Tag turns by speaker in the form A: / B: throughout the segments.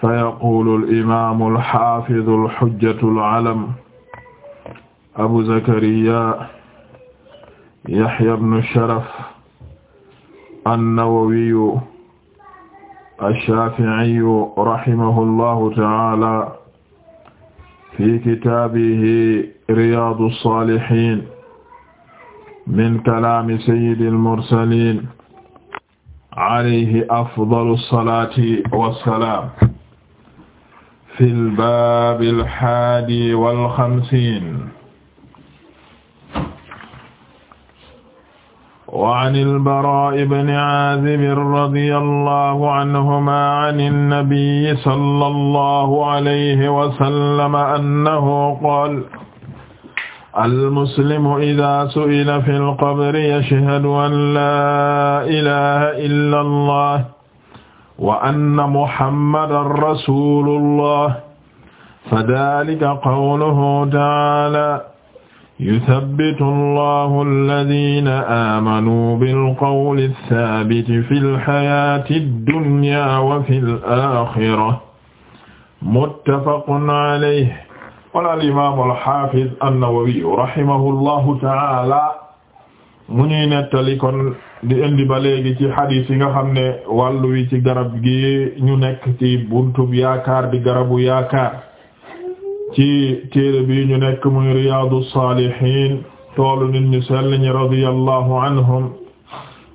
A: فيقول الإمام الحافظ الحجة العلم أبو زكريا يحيى بن الشرف النووي الشافعي رحمه الله تعالى في كتابه رياض الصالحين من كلام سيد المرسلين عليه أفضل الصلاة والسلام fi lbaabi alxaadi walxamsiin wa an al-Baraa ibni Aazib radiyallaahu anhumaa an an-nabiyyi sallallaahu alayhi wa sallam annahu qaala al-muslimu izaa su'ila fi al-qabri yashhadu an laa ilaaha illallaah wa anna muhammadan rasulullah fadalika qawluhu taala yuthabbitu allahu alladina aamanuu bilqawli alsaabiti fi lxayati addunya wa fi alaxira muttafaqun alayhi qaala alimamu alxafiz annawawiyu rahimahu allahu taala mu ñuy nettali kon di indi ba léegi ci xadiis yi nga xam ne wàllu wi ci garab gi ñu nekk ci buntub yaakaar di garabu yaakaar ci téere bi ñu nekk muy riyaadu saalihiin toolu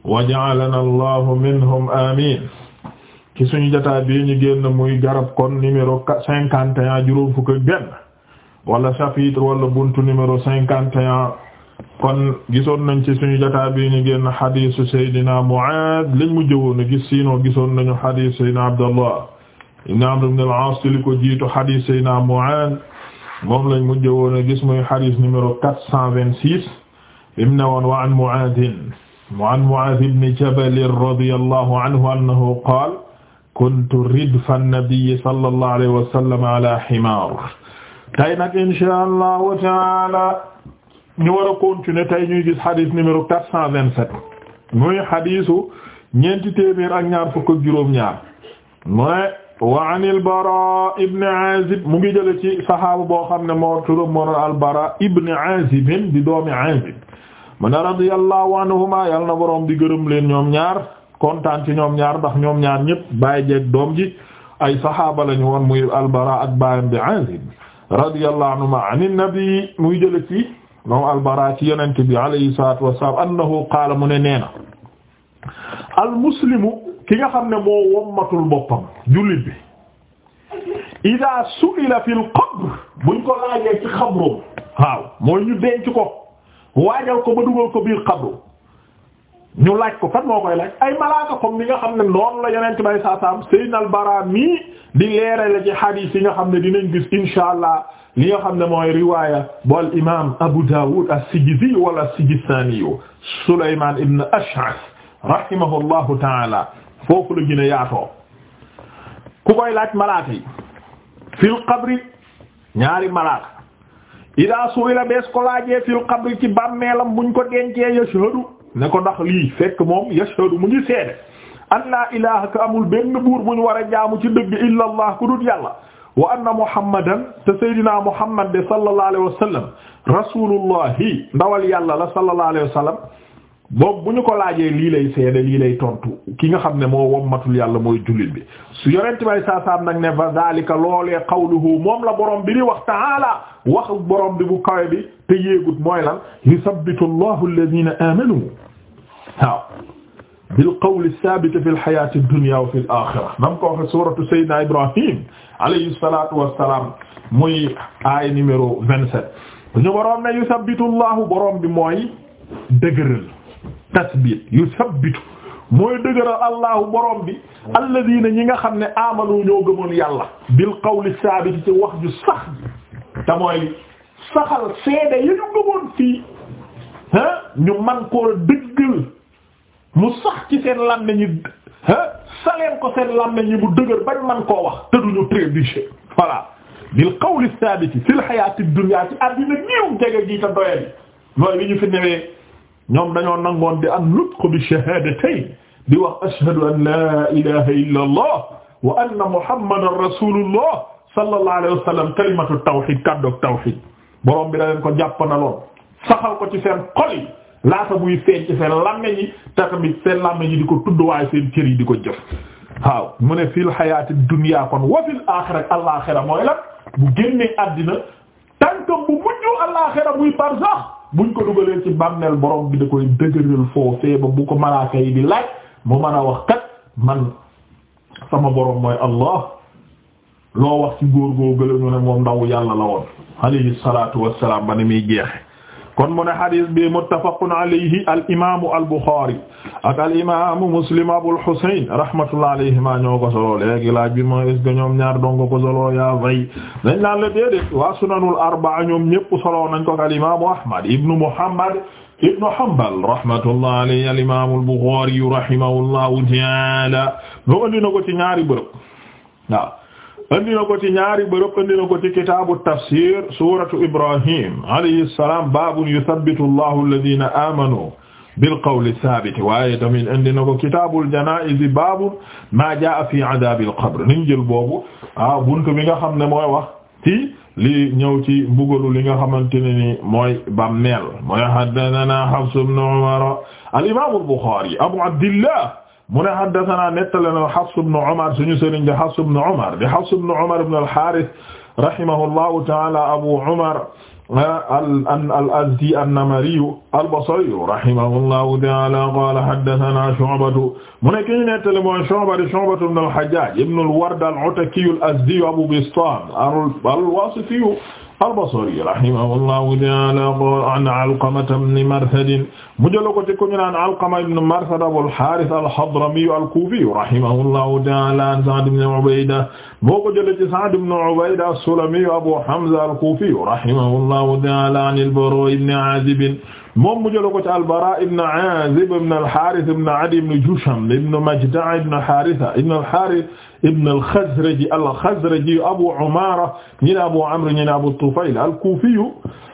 A: wa ja'alana allahu minhum amiin ci suñu jotaay bi ñu génn muy garab kon numéro cinquante et un juróom fukk ak wala chapitre wala buntu numéro cinquante et kon gisoon nañ ci suñu jotaay bi ñu génn xadiisu Seydina Muaaz lañ mu jëwoon gis siinoo gisoon nañu xadiisu Seydina Abdallah ibn Amr ibn al-Aas li ko jiitu xadiisu Seydina Muaaz moom lañ mu jëwoon gis muy xadiis numéro 426 im ne woon wa an Muaaz wa an Muaaz ibn Jabal radiyallahu anhu annahu qaala kuntu ridfa an-nabiyyi sallallahu alayhi wa sallam ala himaar tey nag inshaa Allahu ta'aala ñu war continuer tey ñuy gis xadis numéro quatre cent vingt-sept muy xadisu ñeenti téeméer ak ñaar fukk ak juróom-ñaar mu wa an al-Bara ibn Azib mu ngi jële ci sahaaba boo xam ne moo turam moo doon al-Bara ibn Azib di doomi Azib mu ne radiyallahu anhuma yàlla na boroom di gërëm leen ñoom ñaar kontaan ci ñoom ñaar ndax ñoom ñaar ñëpp bàyyi jeeg doom ji ay sahaaba lañu woon muy al-Bara ak baayam bi Azib radiyallahu anhuma an an-nabi muy jële moom albara ci yonent bi alayhi salaatu wassalaam annahu qaala mu ne nee na ki nga xam ne moo wommatul boppam jullit bi ida su'ila fil qabr buñ ko laajee ci xabru waaw mooy ñu denc ko waajal ko ba dugal ko biir xabru ñu laaj ko fan moo koy laaj ay malaaka comme ni nga xam ne noonu la yonent bi alayhi salaatu wassalaam albara mii di leerale la hadiis yi nga xam ne dinañ gis inshaa Allah li nga xam ne mooy riwaaya bu al imaam Abu Dawud as-Sijizi wala as-Sijistani Sulaymaan ibn Ash'as rahimahullahu ta'ala foofu la gën a yaatoo ku koy laaj malaaka yi fil qabri ñaari malaaka idaa su'ila bees ko laajee fil qabri ci bàmmeelam buñ ko dencee yashhadu ne ko ndax lii fekk moom yashhadu mu ngi seede an laa ilaaha ka amul benn buur war a jaamu ci dëgg illa Allah ku dut yàlla wa anna muhammadan te saydina muhammad de sallallahu alayhi wa sallam rasulullahi ndawal yàlla la sallallahu alayhi wa sallam boobu bu ñu ko laajee lii lay seede lii lay tontu ki nga xam ne moo wommatul yàlla mooy jullit bi su yorente bay saasaam nag ne fa zalika loolee qawluhu moom la borom bi di wax taala wax borom bi bu kawe bi te yéegut mooy lan yusabbitu allahu alladhina amanu waaw bil qawli sabiti fi l hayati dunya wa fi l axira nam ko waxe suratu sayyidina ibrahim alayhi salaatu wassalaam muy aay numéro vingt-sept ñu boroom ne yusabbitu Allahu boroom bi mooy dëgëral tasbit yusabbitu mooy dëgëral Allahu boroom bi alladina ñi nga xam ne amanu yàlla bil qawli saabit ci wax ju sax te mooy saxal seede yi ñu gëmoon fii ñu man koo dëggal mu sax ci seen làmmiñ ñi ah saleen ko seen làmmiñ ñi bu dëgër bañ man koo wax ñu trébuché voilà bil qawl thabit fil hayat ad-dunya ci addina néew jege ji ta doyal yi mooy li ñu fi newee ñoom dañoo nangoon di am nutq bi shahadatayn di wax ashhadu an la ilaha illa allah wa anna muhammadan rasulullah sallallahu alayhi wa sallam kalimatu tawhid kaddoog tawhid borom bi da leen ko jàppandaloon saxal ko ci seen xol yi laata muy feeñ ci seen làmmiñ yi te tamit seen làmmiñ yi di ko tudd waaye seen cër yi di ko jëf waaw mu ne fil xayaati dunya kon wa fil aaxira bu génnee àddina tànkam bu mujj alaaxira muy barzax buñ ko dugalee ci bàmmeel borom gi da koy dëgëral foofee bu ko malaaka yi di laaj mu mën a wax kat man sama borom mooy Allah loo wax ci góor goo gëlëñu ne moom ndaw yàlla la woon alayhi salaatu wassalaam ba ni muy jeexe kon mu ne xadis bi muttafaqun alayhi al imaamu al buxaari ak al imaamu muslim abul husayn rahmatullah alayhima ñoo ko solo léegi laaj bi mooy est ce que ñoom ñaar doon ko solo yaa fay dañ naan la déedéet waa sunanul arbaa ñoom ñépp solo nañ ko ak al imaamu ahmad ibnu muhammad ibnu hanbal rahmatullah alayhi al imaamu al buxaari rahimahullahu taala ñoo andi na ko ci ñaari bërëb waaw. andi na ko ci ñaari bërëb andi na ko ci kitaabu tafsir suratu ibrahim alayhi salaam baabun yuthabbitu allahu alladhina amanu bil qawli thabit waaye tamit andi na ko kitaabul janaa'iz baabun maa jaa fi adaabil qabr niñ jël boobu ah buntu bi nga xam ne mooy wax ci li ñëw ci mbugalu li nga xamante ne ni mooy bàmmeel mooy haddathana Hafs ibn Umar al imaam al Bukhari abu abdillah mu ne haddasanaa nettali na Hafs ibn Umar suñu sëriñ di Hafs ibn Umar di Hafs ibn Umar ibn al-Haaris rahimahullahu ta'aala Abu Umar al-Azdi an-Namari al-Basri rahimahullahu ta'aala qaala haddasanaa Shu'batu mu ne ki ñu nettali mooy Shu'ba di Shu'batu ibn al-Hajjaaj ibn al-Ward al-Ataki al-Azdi Abu Bistaam al-Waasiti al-Basri rahimahullahu ta'ala an Alqama ibn Marsad mu jëloon ko ci ku ñu naan Alqama ibn Marsad Abul Harith al-Hadrami al-Kufi rahimahullahu ta'ala an Sa'd ibn Ubayda moo ko jëlee ci Sa'd ibn Ubayda as-Sulami Abu Hamza al-Kufi rahimahullahu ta'ala an al-Bara ibn Azib moom mu jëloon ko ci al-Bara ibn Azib ibn al-Harith ibn Adi ibn Jusham ibn Majda'a ibn Haritha ibn al-Harith ibn al-Khazraji al-Khazraji Abu Umaara ñu ne Abu Amr ñu ne Abu Tufayl al-Kufi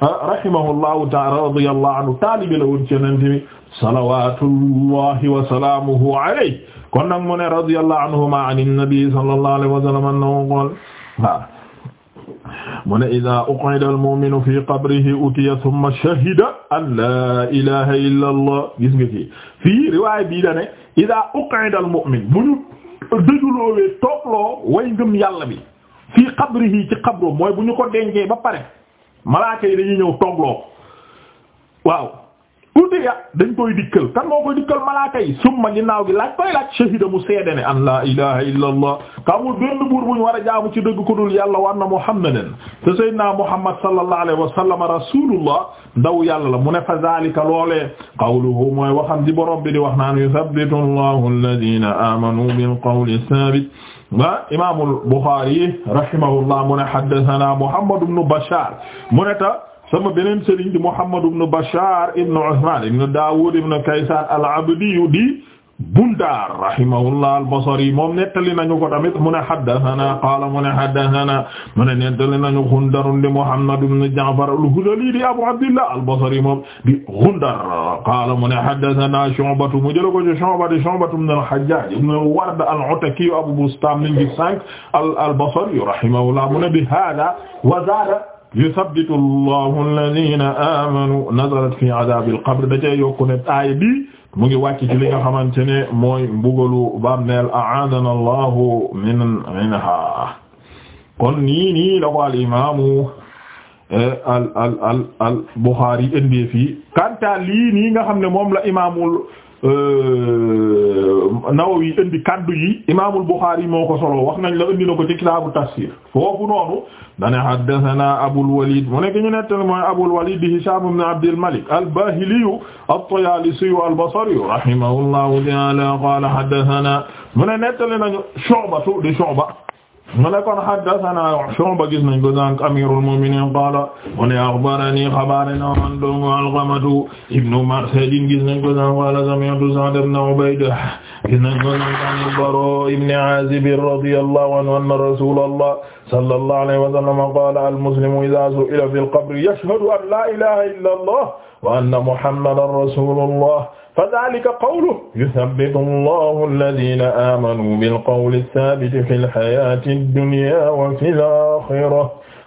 A: rahimahullahu ta'aala radiyallahu anhu taalibe la woon ci Yonent bi salawaatullahi wa salaamuhu alayhi kon nag mu ne radiyallahu anhumaa an an-nabi sallallahu alayhi wa sallam annahu qaala mu ne idaa uqida al-mu'minu fi qabrihi utiya thumma shahida an laa ilaaha illa Allah gis nga ci fii riwaaya bii da ne idaa uqida al-mu'min dëjuloowee toogloo way ngëm yàlla bi fii xabrihi ci xabro mooy bu ñu ko dencee ba pare malaaka yi dañuy ñëw toogloo waaw uddiya dañ koy dikkal kan moo koy dikkal malaaka yi summa ginnaaw gi laaj koy laaj shahida mu seede ne an laa ilaha illa allah kamul benn buur buñ war a jaamu ci dëgg ko dul yàlla wa anna muhammadan te sayyidina muhammad sallallahu alayhi wa sallam rasulullah ndaw yàlla la mu ne fa zalika loolee qawluhu mooy waxam di borom bi di wax naan yuthabbitu allahu alladhina amanu bil qawli thabit wa imam al bukhari rahimahullah mu ne haddathana muhammad ibn bashar mu ne ta sama beneen sëriñ di Muhammad ibn Bashar ibn Usman ibn Dawud ibn Kaysan al-Abdi di Bundar rahimahullah al-Basri moom nettali nañu ko tamit mu ne haddathana qaala mu ne haddathana mu ne nettali nañu Gundar di Muhammad ibn Ja'far al-Hudhali di Abu Abdillah al-Basri moom di Gundar qaala mu ne haddathana Shu'ba mu jël ko ci Shu'ba di Shu'ba ibn al-Hajjaj ibn Ward al-Ataki Abu Bustam al-Basri rahimahullah mu ne bi hada wa zada yusabbitu allahu alladina amanu nazalat fi adabil qabr da cee yokku ne aaya bi mu ngi wàcc ci li nga xamante ne mooy mbugalu bàmmeel a'aadana allahu min minha kon nii nii la ko al imaamu eh, al al al al Buxaari indi fii kanta lii nii nga xam ne moom la imaamul Euh, Nawawi indi kaddu yi imaamul Buxaari moo ko solo wax nañ la indi na ko ci kitaabu tafsir foofu noonu dane haddasanaa Abul Waliid mu nekk ñu nettal mooy Abul Waliid di Hishaam ibn Abdil Malik al-Baahiliyu at-Tayaalisiyu al-Basriyu rahimahullahu ta'aala qaala haddasanaa mu ne nettali nañu Shu'ba di Shu'ba mu ne kon haddathana Shu'ba gis nañ ko sànq amirul mu'minin qala mu ne akhbarani xabarana man dong Alqamatu ibnu Marsad gis nañ ko sànq qala sami'tu Sa'd ibn Ubayda gis nañ ko sànq an al-Bara ibn Azib radiyallahu anhu anna rasulullah sallallahu alayhi wa sallam qala al-muslimu idha su'ila fil qabri yashhadu an la ilaha illa Allah wa anna Muhammadan rasulullah fa zaalika qawluhu yusabbitu Allahu alladhiina aamanuu bil qawli saabiti fil hayaati dunyaa wa fil aaxira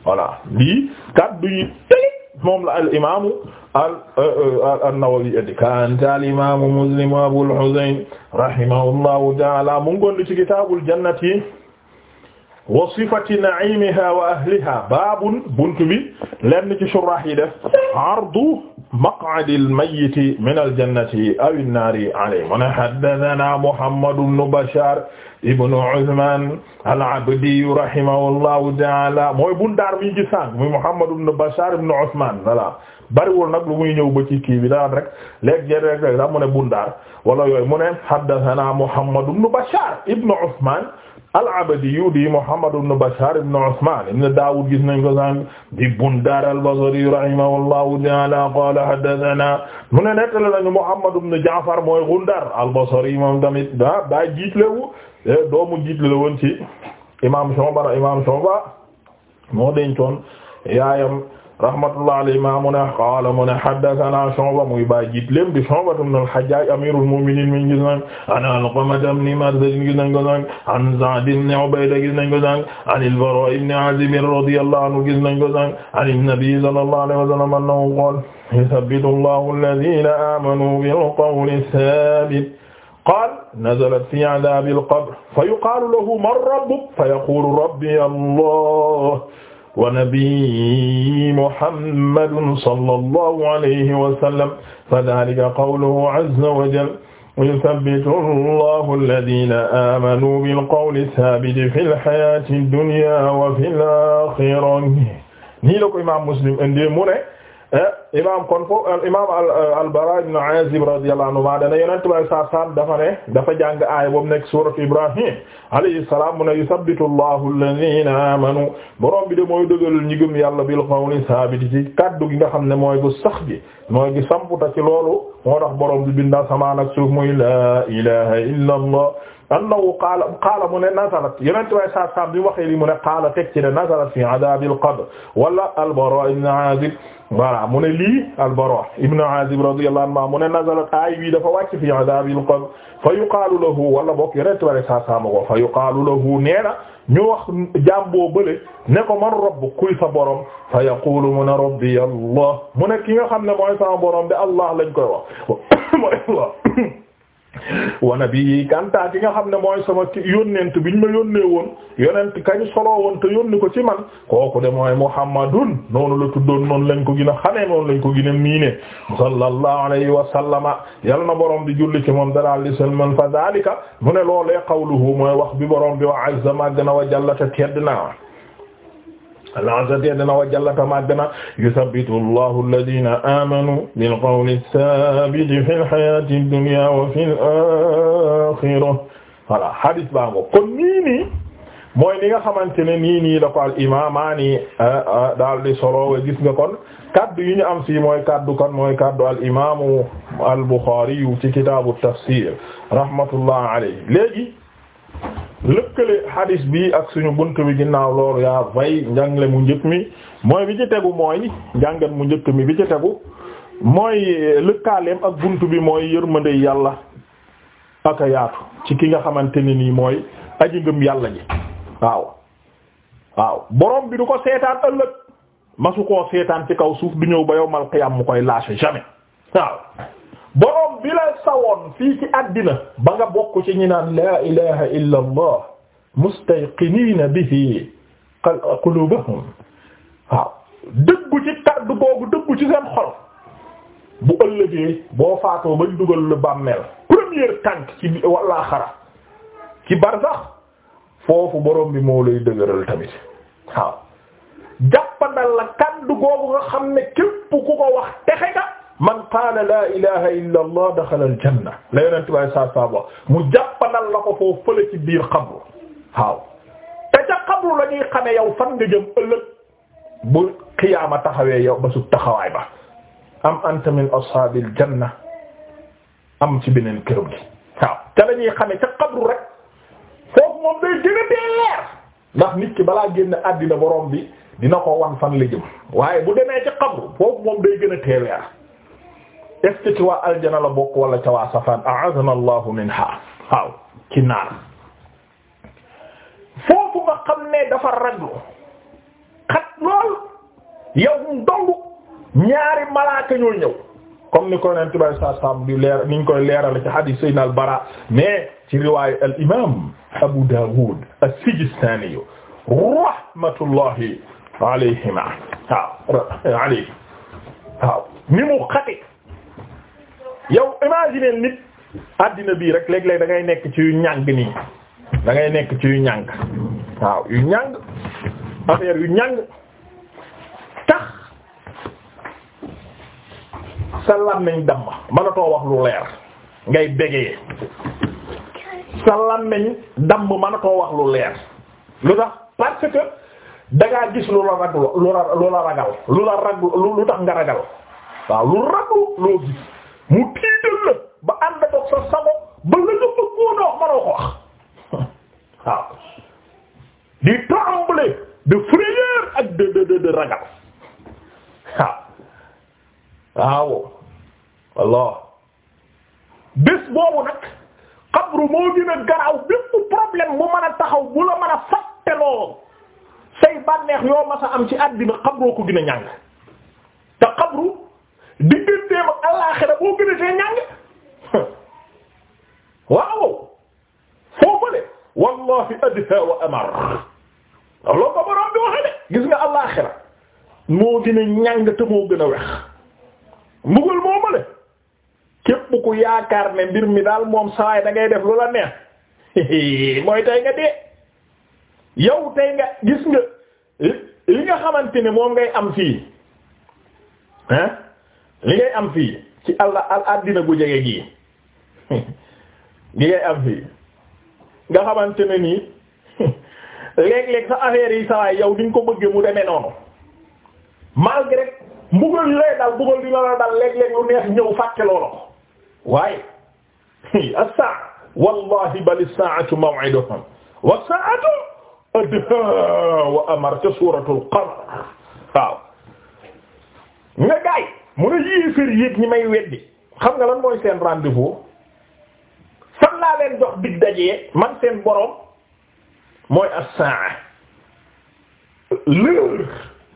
A: voilà lii kaddu yi moom la al imaamu an-Nawawi euh, euh, indi kaana al imaamu Muslim Abul Husayn rahimahullahu ta'aala mu ngi gondi ci kitaabul jannati wa sifati na'iimihaa wa ahlihaa baabun buntu bi lenn ci shurrax yi def ardu maq'adil mayyiti minal jannati awin naari alayhi mu ne haddasanaa Muhammadu bnu Bashaar ibnu Usmaan al-Abdi rahimahullahu ta'aala mooy bundaar mi ci sànq muy Muhammadu bnu Bashaar ibnu Usmaan voilà bariwul nag lu muy ñëw ba ci kii bi daan rek léegi jërë rek rek daa mu ne bundaar wala yooyu mu ne haddasanaa Muhammadu bnu Bashaar ibnu Usmaan al-Abdiyu di Muhammad ibn Bashar ibn Usman ibn Dawud gis nañ ko sànq di Bundar al-Basri rahimahullahu ta'ala qala haddathana mu ne nettali nañu Muhammad ibn Ja'far mooy Gundar al-Basri moom tamit ah daa jiitlewu doomu jiitle la woon ci imam Shu'ba imam Shu'ba moo dencoon yaayam rahmatullah alayhima mu ne qaala mu ne haddathana Shu'ba muy bàyyi jiit léem di Shu'ba ibn al-Hajjaj amirul mu'minin mi gis nañ an Alqama ibn Marsad gis nañ ko sànq an Sa'd ibn Ubayda gis nañ ko sànq an al-Bara ibn Azib radiyallahu anhu gis nañ ko sànq an an-nabi sallallahu alayhi wa sallam annahu qaala yuthabbitu Allahu alladhina amanu bil qawli thabit qaala nazalat fi adhabil qabr fa yuqalu lahu man rabbuk fa yaqulu rabbi Allah wa nabiyyi muhammadin sallallahu alayhi wa sallam fadhalika qawluhu azza wa jalla yuthabbitu allahu alladhina amanu bilqawli thabiti fil hayati dunya wa fil akhirati nii la ko imaam Muslim indi mu ne eh, imaam kon foofu al imaam al euh, al-Baraa ibn Aazib radiyallahu anhu maa dana yonent bi saa saam dafa ne dafa jàng aaya boobu nekk suuratu Ibrahim alayhi salaam mu ne yusabbitu Allahu alladhiina aamanu borom bi de mooy dëgëral ñi gëm yàlla bil qawli saabit ci kaddu gi nga xam ne mooy bu sax gi mooy gi samputa ci loolu moo tax borom bi bind asamaan ak suuf muy laa ilaaha illa Allah annahu qaala qaala mu ne nazalat yonent bi saa saam bi waxee li mu ne qaala teg ci ne nazalat fi adaabil qabr wala al-Baraa ibn Aazib voilà mu ne lii al-Bara ibn Azib radiyallahu anhu mu ne nazalat aay bii dafa wàcc fi azabil qabr fa yuqaalu lahu wala bokk yonent ware sa saama ko fa yuqaalu lahu nee na ñu wax jaam boo bële ne ko man rabbuk kuy sa borom fa yaqulu mu ne rabbi Allah mu ne ki nga xam ne mooy sama borom de Allah lañ koy wax wana bi kanta ci nga xam ne mooy sama yónnent biñ ma yónnee woon yónnent kañ soloo woon te ko ci man kooku de mooy muhammadun noonu la tuddoon noonu lañ ko gën a xamee noonu lañ ko gën a miine sallallahu alayhi wa sallama yal na borom di julli ci moom dara li salman fa zalika mu ne loolee qawluhu mooy wax bi borom bi wax azza ma gën a wa jalla te tedd Azza wa jalla màgg na yusabbitu Allahu alladhina amanu bil qawli sabiti fil hayati dunya wa fil akhirah voilà hadith baa ngo kon nii nii mooy li nga xamante ne nii nii la ko al imaamaani ah, ah, daal di solo gis nga kon kaddu yi ñu am fii mooy kaddu kon mooy kaddu al imaamu al Bukhari ci kitaabu tafsir rahmatullah alayhi léegi lëkkale hadis bi ak suñu bunt bi ginnaaw loolu yaa vay njàngale mu njëkk mi mooy bi ci tegu mooy njàngat mu njëkk mi bi ci tegu mooy lëkkaaleem ak bunt bi mooy yërmande yàlla ak yaatu ci ki nga xamante ni nii mooy aji ngëm yàlla ji waaw waaw borom bi du ko seetaan ëllëg masu koo seetaan ci kaw suuf du ñëw ba yowmal qiyam mu koy lâcher jamais waaw boroom bi la sawoon fii ci àddina ba nga bokk ci ñi naan laa ilaha illa allah mustayqiniina bihi qulubahum waaw dëggu ci kaddu googu dëggu ci seen xol bu ëllëgee boo faatoo bañ dugal la bàmmeel première tànk ci walla xara ci barzax foofu borom bi moo lay dëgëral tamit waaw jàppandal la kaddu googu nga xam ne képp ku ko wax texe nga man qaala laa ilaha illa allah daxala al janna la yonent baay saa saa wax mu jàppanal la ko foofu fële ci biir xabru waaw te ca xabru la ñuy xame yow fan nga jëm ëllëg bu qiyaama taxawee yow ba su taxawaay ba am anta min ashaabil janna am ci beneen këram gi waaw ca la ñuy xame ca xabru rek foofu moom day gën a dee leer ndax nit ki balaa génn àddina borom bi dina ko wan fan la jëm waaye bu demee ca xabru foofu moom day gën a teeleer est ce waa aljana la bokk wala ca waa safaan a'adhana allahu minha waaw ci naar foofu nga xam ne dafa raglu xat lool yow ndongu ñaari malaaka ñoo ñëw comme ni koy neen saa saam leer ni ñu koy leeral ci al bara mais ci riwaayu al imaam Abu Dawud as-Sijistani rahmatullahi alayhima waaw alayhi waaw ni yow imaginer nit àddina bii rek léeg-léeg da nekk ci yu ñàng nii dangay nekk ci yu ñàng waaw yu ñàng affaire yu ñàng tax sa làmmiñ damm mënatoo wax lu leer ngay bégee sa làmmiñ damm mënatoo wax lu leer lu tax parce que da gis lu la rag lu la ragal lu la rag lu tax nga ragal waaw lu raglu loo gis mu tiital la ba ànd ak sa sago ba la nga bëggoon a manoo ko wax waaw di trembler de frayeur ak de de de de ragal waaw waaw bés boobu nag xabru moo gën a garaaw bépp problème mu mën a taxaw bu la mën a fàtteloo say bànneex yoo mas a am ci àddina xabroo ko gën a ñàng te xabru digganteem ak alaaxira boo gën a see ñàng waaw foofale wallahi adha wa amar loolu ko boroom bi waxe de gis nga alaaxira moo gën a ñàng te moo gën a wex mbugal moo képp ku yaakaar ne mbir mi daal moom sawaay dangay ngay def lu la neex mooy tey nga dee yow tey nga gis nga li nga xamante ne moom ngay am fii hein li ngay am fii ci allah al addina gu jege gii li ngay am fii nga xamante ne nii léeg-léeg sa affaire yi sawaay yow ni ko bëggee mu demee noonu malgré mbugal yi lay dal mbugal di la la dal léeg lu neex ñëw fàtte loolu waaye as wallahi bal as-saa'atu maw'iduhum wa amar ca suuratul qamar waaw nga gaay mu ne yéefér yéeg ñi may weddi xam nga lan mooy seen rendez-vous fan leen jox dig dajee man seen borom mooy as-sa'a l'heure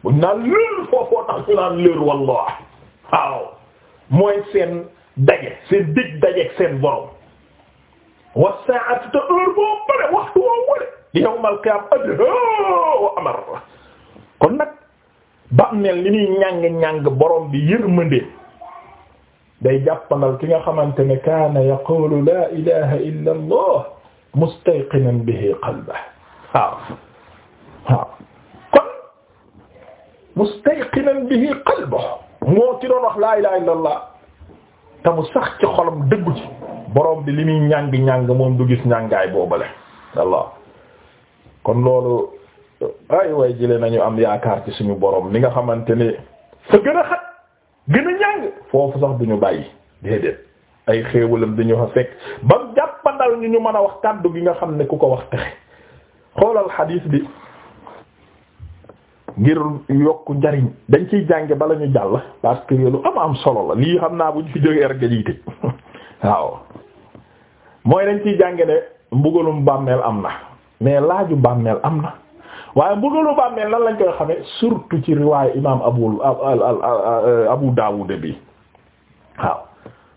A: buñ naan l'heure foofoo tax ñu naan l'heure waaw mooy seen daje seen dig dajeeg seen boroom wa sa'atu te heure boo bëre waxtu woo wëre yawmal qiyam adha wa amar kon nag bàmmeel li muy ñàng ñàng borom bi yërmande day jàppandal ki nga xamante ne kaana yaqulu la ilaha illa allah mustayqinan bihi qalbah waaw waaw kon mustayqinan bihi qalbah moo ci doon wax la ilaha illa allah te sax ci xolam dëggu ci borom bi li muy ñàng ñàng moom du gis ñàngaay boobale Allah kon loolu ay way jële nañu am yaakaar ci suñu borom mi nga xamante ne fa gën a xat gën a ñàng foofu sax duñu bàyyi déedéet ay xéewalam dañu fa fekk ba jàppandal ñu ñu mën a wax kàddu gi nga xam ne ku ko wax texe xoolal xadiis bi ngir yokk njariñ dañ ciy jànge bala ñu jàll parce lu am am solo la lii xam naa bu ñu fi jógee rek dañuy tëj waaw mooy dañ ciy jànge ne mbugalum bàmmeel am na mais laaju bàmmeel am na waaye mbugalu bàmmeel lan lañ koy xame surtout ci riwaaya imam abu abu daawud bi waaw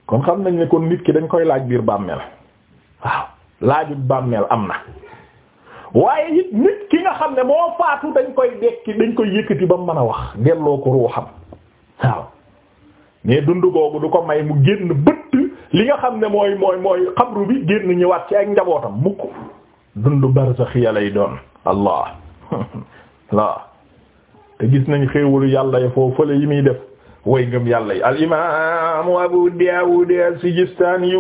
A: kon xam nañ ne kon nit ki dañ koy laaj biir bàmmeel waaw laajut bàmmeel am na waaye it nit ki nga xam ne moo faatu dañ koy dekki dañ koy yëkkati ba mu mën a wax delloo ko ruuxam waaw mais dund googu du ko may mu génn bëtt li nga xam ne mooy mooy mooy xabru bi génn ñëwaat ci ak njabootam mukk dund barzaxiya lay doon allah waaw te gis nañ xéewalu yàlla yi foofu def way ngëm yàlla yi al imaamu abu daawud as-sijistaani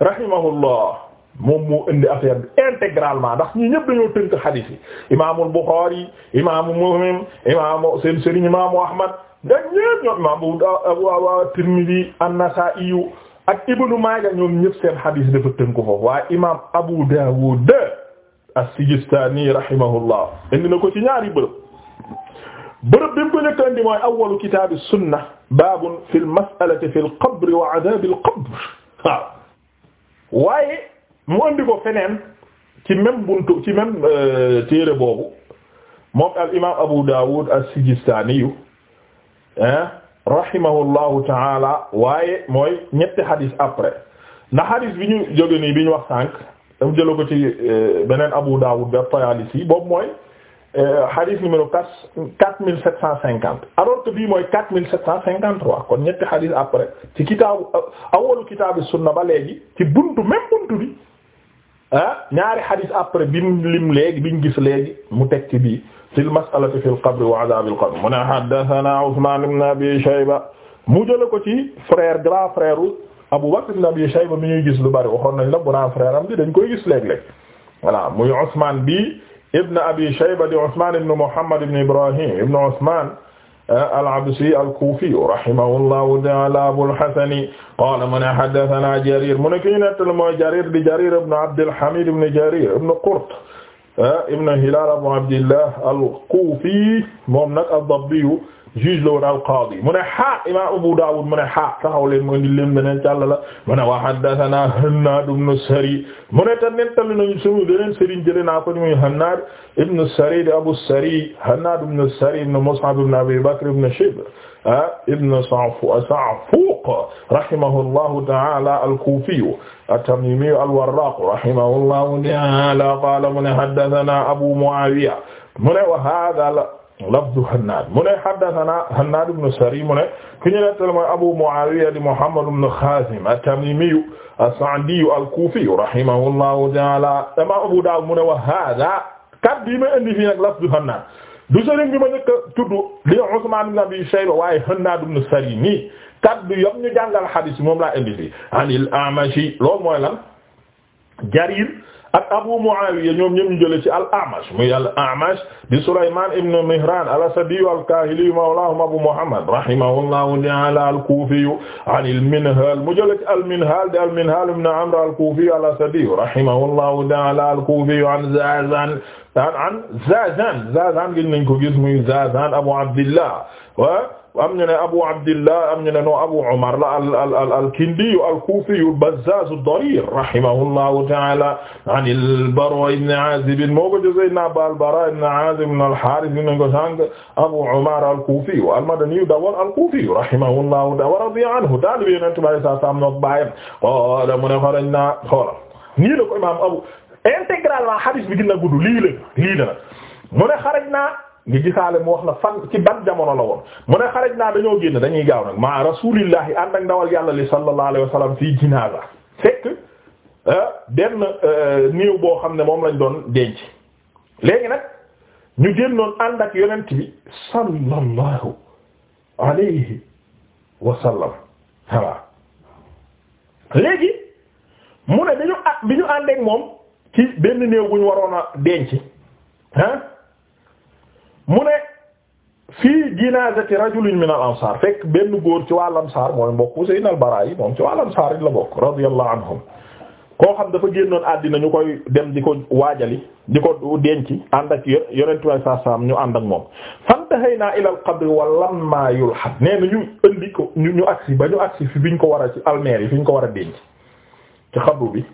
A: rahimahullah moom moo indi affaire bi intégralement ndax ñu ñëpp dañoo tënk xadiis yi imaamul buxaari imaamu muslim imaamu seen sëriñ imaamu ahmad da ñëpp ñoom imaamu tirmidi an-nasaa'i ak ibnu maaja ñoom ñëpp seen xadiis dafa tënk foofu abu daawud as-sijistaani rahimahullah indi na ko ci ñaari bërëb bërëb bi mu ko njëkk indi mooy awwalu kitaabi sunna baabun fil mas'alati fil qabri wa adaabil qabr waaw waaye mu indi ko feneen ci même buntu ci même euh, téere boobu moom al imaam Abu Daawud as-Sijistaaniyu rahimahullahu taala waaye mooy ñetti xadis après ndax xadis bi ñu jóge nii bi ñu wax sànq dama jëla ko ci euh, beneen Abu Daawud bi at-Tayaalisi boobu mooy. xadis euh, numéro quatre quatre mille sept cent cinquante alors que bii mooy quatre mille sept cent cinquante trois kon ñetti xadis après ci kitaabu euh, awalu kitaabu sunna ba léegi ci buntu même buntu bi ah ñaari xadis après bi mu lim léegi bi ñu gis léegi mu teg ci bii fil mas'alati fil qabri wa adaabil qabri mu ne haddathana Usmaan ibn Abi Shayba mu jële ko ci frère grand frère u Abu Bakr ibn Abi Shayba mi ñuy gis lu bari waxoon nañ la grand frère am bi dañ koy gis léeg ibn abi shayba di usman ibn muhammad ibn ibrahim ibn usman eh, al-absi al-kufi rahimahullahu ta'ala abul hasan qala mu ne haddathana jarir mu ne ki ñu nettali mooy jarir di jarir ibn abdil hamid ibn jarir ibn qurt eh, ibn hilal abu abdillah al-kufi moom nag ad-dabbi juge la woon al-qaadi mu ne ha imaam Abu Daawud mu ne ha taxaw leen mu ngi leen beneen càll la mu ne wa haddathanaa Hannaad ibn Sari mu ne te nettali nañu suñu beneen sëriñ jëlee naa ko muy Hannaad ibn Sari di Abu Sari Hannaad ibn Sari ibn Mus'ab ibn Abi Bakr ibn Shibr ibn Sa'fuuq rahimahullahu ta'aala al-Kuufiyyu at-Tamiimiyyu al-Warraaqu rahimahullahu ta'aala qaala mu ne haddathanaa Abu Mu'aawiya mu ne wa haadhaa lafdu Hannaad mu ne haddasanaa Hannaad ibn Sarii mu ne ki ñu nettali mooy Abu Mu'aawiya di Muhammad ibn Xaazim at-Tamiimiyu as-Sa'diyu al-Kuufiyu rahimahullahu ta'aalaa imaam Abu Daawuud mu ne wa haazaa kaddu yi may indi fii nag lafdu Hannaad du sëriñ bi ma njëkk a tudd li Usmaan ibn Abi Shayba waaye Hannaad ibn Sarii nii kaddu yam ñu jàngal hadiis moom laa indi fii anil A'mash loolu mooy lan Jariir ak Abu Muawiya ñoom ñoom ñu jëlee ci al-A'mash muy al-A'mash di Sulaymaan ibn Mihraan al-Asadiyu al-Kaahiliyu mawlaahum Abu Muhammad rahimahullahu ta'aala al-Kuufiyu an al-Minhaal mu jëlee ci al-Minhaal di al-Minhaal ibn Amr al-Kuufiyu al-Asadiyu rahimahullahu ta'aala al-Kuufiyu an Zaazaan an an Zazan Zazan gën nañ ko gis muy Zazan Abu Abdillah wa am ñu ne Abu Abdillah am ñu ne noo Abu Umar la al al al al Kindi al-Kufi al-Bazzaz ad-Darir rahimahullahu ta'ala an al-Bara ibn Azib moo ko jëlee naa ba al-Bara ibn Azib ibn al-Harith ñu ne ko sànq Abu Umar al-Kufi al-Madani dawal al-Kufi rahimahullahu ta'ala wa radiya anhu daal bi yéen a tubaab yi saa saa am na baayam xoola mu ne xoola naa xoola nii la ko imaam Abu intégralement hadith bi dina gudd lii la lii la mu ne xaraj naa ngi gisaale mu wax la fan ci ban jamono la woon mu ne xaraj naa dañoo génn dañuy gaaw nag maa rasulillahi ànd ak ndawal yàlla li sallallahu alayhi wa sallam fii jinaaza fekk euh, benn euh, néew boo xam ne moom lañ doon denc léegi nag ñu génnoon ànd ak yonent bi sallallahu alayhi wa sallam léegi mu ne dañu bi ñu ànd moom. ci benn néew bu ñu waroon a denc ah mu ne fii jinaazati rajulin min al ansar fekk benn góor ci wàll ansar mooy mbokk Seydina al Baraa yi moom ci wàll ansar it la bokk radiyallahu anhum koo xam dafa génnoon àddina ñu koy dem di ko waajali di ko denc ànd ak yonentu way sa sam ñu ànd ak moom fantahaynaa ila al qabr wa lamma yulhad nee na ñu indi ko ñu ñu agsi ba ñu agsi fi biñ ko war ci almeer yi fi ñu ko war a denc ci xabru bi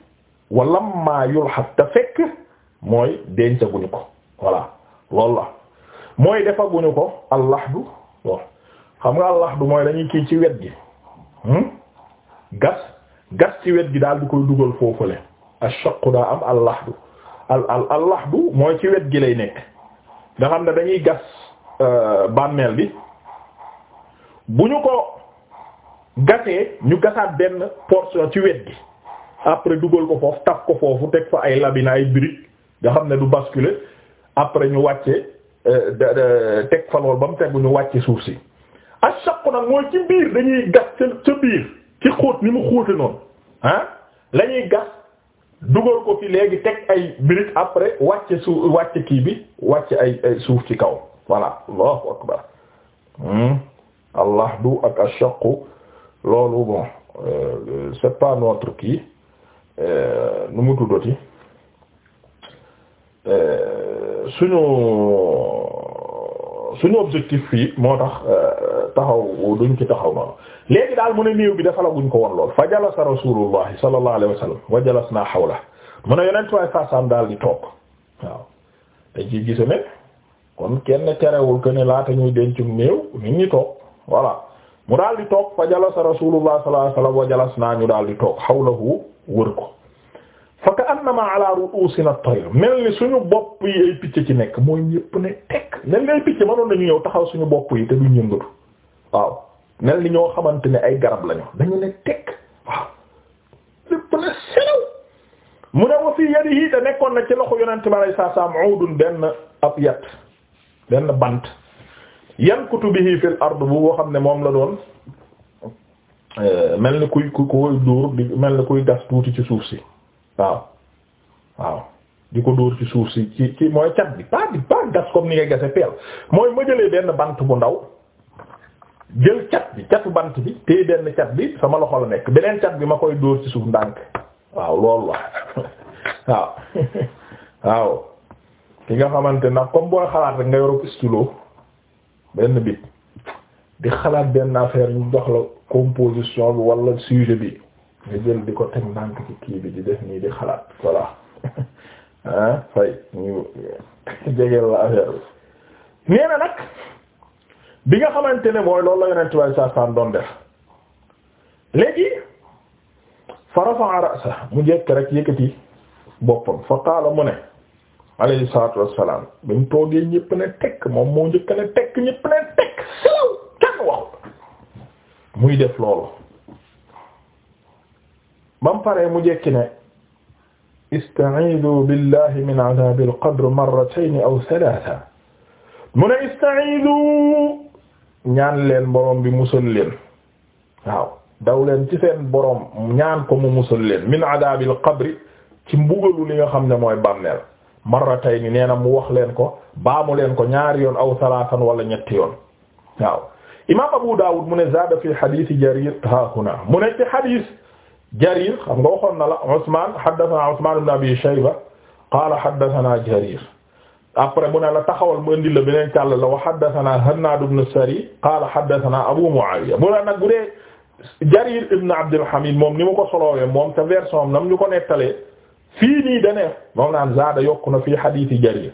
A: wa lamma yulxaq te fekk mooy dencaguñu ko voilà loolu la mooy defaguñu ko allaxdu bon xam nga allaxdu mooy dañuy kii ci wet gi hmm? gas gas ci wet gi daal di koy dugal foofule ashaqu daa am allaxdu al mooy ci wet gi lay nekk nga xam ne dañuy gas euh, bànneel bi bu ñu ko gasee ñu gasaat benn portion ci wet gi après dugal ko foofu taf ko foofu teg fa ay labina ay brique nga xam ne du basculer après ñu wàcce euh, teg fa lool ba mu tegu ñu wàcce suuf si ashaqu nag mooy ci biir dañuy gas ca ca biir ci xóot ni mu xóote noonu ah la gas dugal ko fi léegi teg ay brique après wàcce suuf wàcce kii bi wàcce ay ay suuf ci kaw voilà allahu akbar hmm? allah du ak ashaqu loolu bon euh, euh, c'est pas notre kii Euh, nu mu tuddati euh, suñu suñu objectif fii moo tax euh, taxaw duñ ci taxaw noonu léegi daal mu ne néew bi dafa la guñ ko woon lool fa jalasa rasulullahi sallallahu alayhi wa sallam wa jalasna hawla a ne yonent waaye saasaam daal di toog waaw dañ ciy gise ne kon kenn terewul que ne laata ñuy dencum néew nit ñi toog voilà mu daal di toog fa jalasa rasulullah sallallahu alayhi wasallam ñu daal di toog hawlahu wër ko fa ka annama ala ru'usina at-tayr mel ni suñu bopp yi ay picc ci nekk mooy ñëpp ne tekk mel ni ay picc mënoon nañu ñëw taxaw suñu bopp yi te duñ yëngatu waaw mel ni ñoo xamante ni ay garab lañu dañu ne tekk waaw lépp ne selaw mu ne wa fi yadihi te nekkoon na ci loxo yonente bi alayhi salaam uudun benn ab yat benn bant yankutu bihi fil ard bu boo xam ne moom la doon eh, mel ni kuy ku koy dóor mel ni kuy gas tuuti ci suuf si waaw waaw di ko dóor ci suuf si ci ci mooy cat bi pas bi pas gas comme ni nga gase peel mooy ma jëlee benn bant bu ndaw jël cat bi catu bant bi téye benn cat bi sama loxo la nekk beneen cat bi ma koy dóor ci suuf ndànk waaw loolu la waaw waaw ki nga xamante nag comme booy xalaat rek nga yoroo stylo benn bit di xalaat benn affaire ñu jox la composition bi wala sujet bi nga jël di ko teg ndànk ci kii bi di def nii di xalaat voilà ah fay la affaire bi nee nag bi nga xamante ne mooy loolu la yonent way sa san doon def léegi fa rafa'a ra'sa mu jekk rek yëkkati boppam fa qaala mu ne alayhi salaatu wassalaam bi toogee ñépp ne moom moo njëkk ne tekk ñépp ne kenn waxut muy def loolu ba mu paree mu jekki ne ista'iidu billahi min adaabil qabr marratayn aw salaasa mu ne ista'iidu ñaan leen borom bi musal leen waaw daw leen ci seen borom ñaan komu mu musal leen min adaabil qabri ci mbugalu li nga xam ne mooy bàmmeel marratayni nee na mu wax leen ko baamu leen ko ñaari yoon aw salaatan wala ñetti yoon waaw imam Abu Dawud mu ne zaada fi hadith Jarir ha huna mu ne ci hadith Jarir la Usman haddathana Usman ibn Abi Shayba qaala haddathana Jarir après mu ne la taxawal mu indi la beneen càll la wa haddathana Hannad ibn Sari qaala haddathana Abu Muawiya mu ne nag dee Jarir ibn Abd al moom ni mu ko solowee moom ta version am nam ñu ko nettalee fii nii dane moom naan zaada yokku na fii xadiisi Jarir